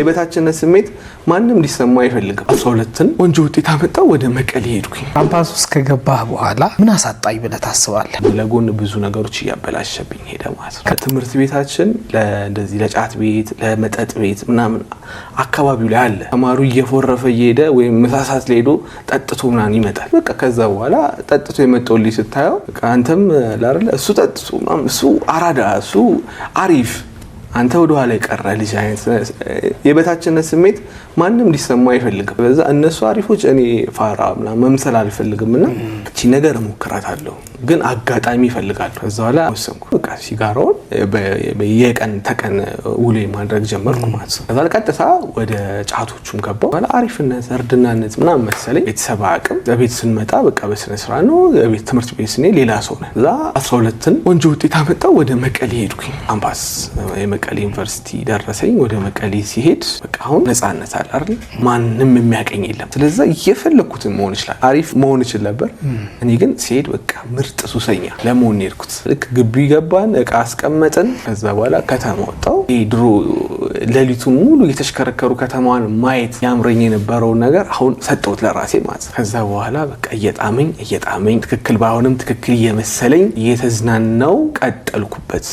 የበታችነት ስሜት ማንም ሊሰማ አይፈልግም። አስራ ሁለትን ቆንጆ ውጤት አመጣ ወደ መቀሌ ሄድኩኝ። ካምፓስ ውስጥ ከገባህ በኋላ ምን አሳጣኝ ብለህ ታስባለህ? ለጎን ብዙ ነገሮች እያበላሸብኝ ሄደ ማለት ነው። ከትምህርት ቤታችን እንደዚህ ለጫት ቤት፣ ለመጠጥ ቤት ምናምን አካባቢው ላይ አለ ተማሩ እየፎረፈ እየሄደ ወይም መሳሳት ሄዶ ጠጥቶ ምናምን ይመጣል። በቃ ከዛ በኋላ ጠጥቶ የመጣው ልጅ ስታየው አንተም ላረለ እሱ ጠጥቶ እሱ አራዳ እሱ አሪፍ አንተ ወደ ኋላ የቀረ ልጅ አይነት የበታችነት ስሜት ማንም ሊሰማ አይፈልግም። በዛ እነሱ አሪፎች፣ እኔ ፋራ ምናምን መምሰል አልፈልግም እና እቺ ነገር እሞክራታለሁ ግን አጋጣሚ ይፈልጋለሁ። እዛ በኋላ ወሰንኩ። በቃ ሲጋራውን የቀን ተቀን ውሎ ማድረግ ጀመርኩ ማለት ነው። ከዛ ቀጥታ ወደ ጫቶቹም ገባሁ። በኋላ አሪፍነት፣ እርድናነት ምናምን መሰለኝ ቤተሰብ አቅም ቤት ስንመጣ በቃ በስነ ስራ ነው። ቤት ትምህርት ቤት ስኔ ሌላ ሰው ነ እዛ አስራ ሁለትን ወንጆ ውጤት አመጣው ወደ መቀሌ ሄድኩኝ አምባስ የመቀ መቀሌ ዩኒቨርሲቲ ደረሰኝ። ወደ መቀሌ ሲሄድ በቃ አሁን ነጻነት አለ አይደል? ማንም የሚያቀኝ የለም። ስለዛ እየፈለግኩትን መሆን ይችላል። አሪፍ መሆን ይችል ነበር። እኔ ግን ሲሄድ በቃ ምርጥ ሱሰኛ ለመሆን ሄድኩት። ልክ ግቢ ገባን፣ እቃ አስቀመጥን። ከዛ በኋላ ከተማ ወጣው። ድሮ ሌሊቱ ሙሉ የተሽከረከሩ ከተማዋን ማየት ያምረኝ የነበረውን ነገር አሁን ሰጠሁት ለራሴ ማለት ነው። ከዛ በኋላ በቃ እየጣመኝ እየጣመኝ ትክክል ባይሆንም ትክክል እየመሰለኝ እየተዝናናው ቀጠልኩበት።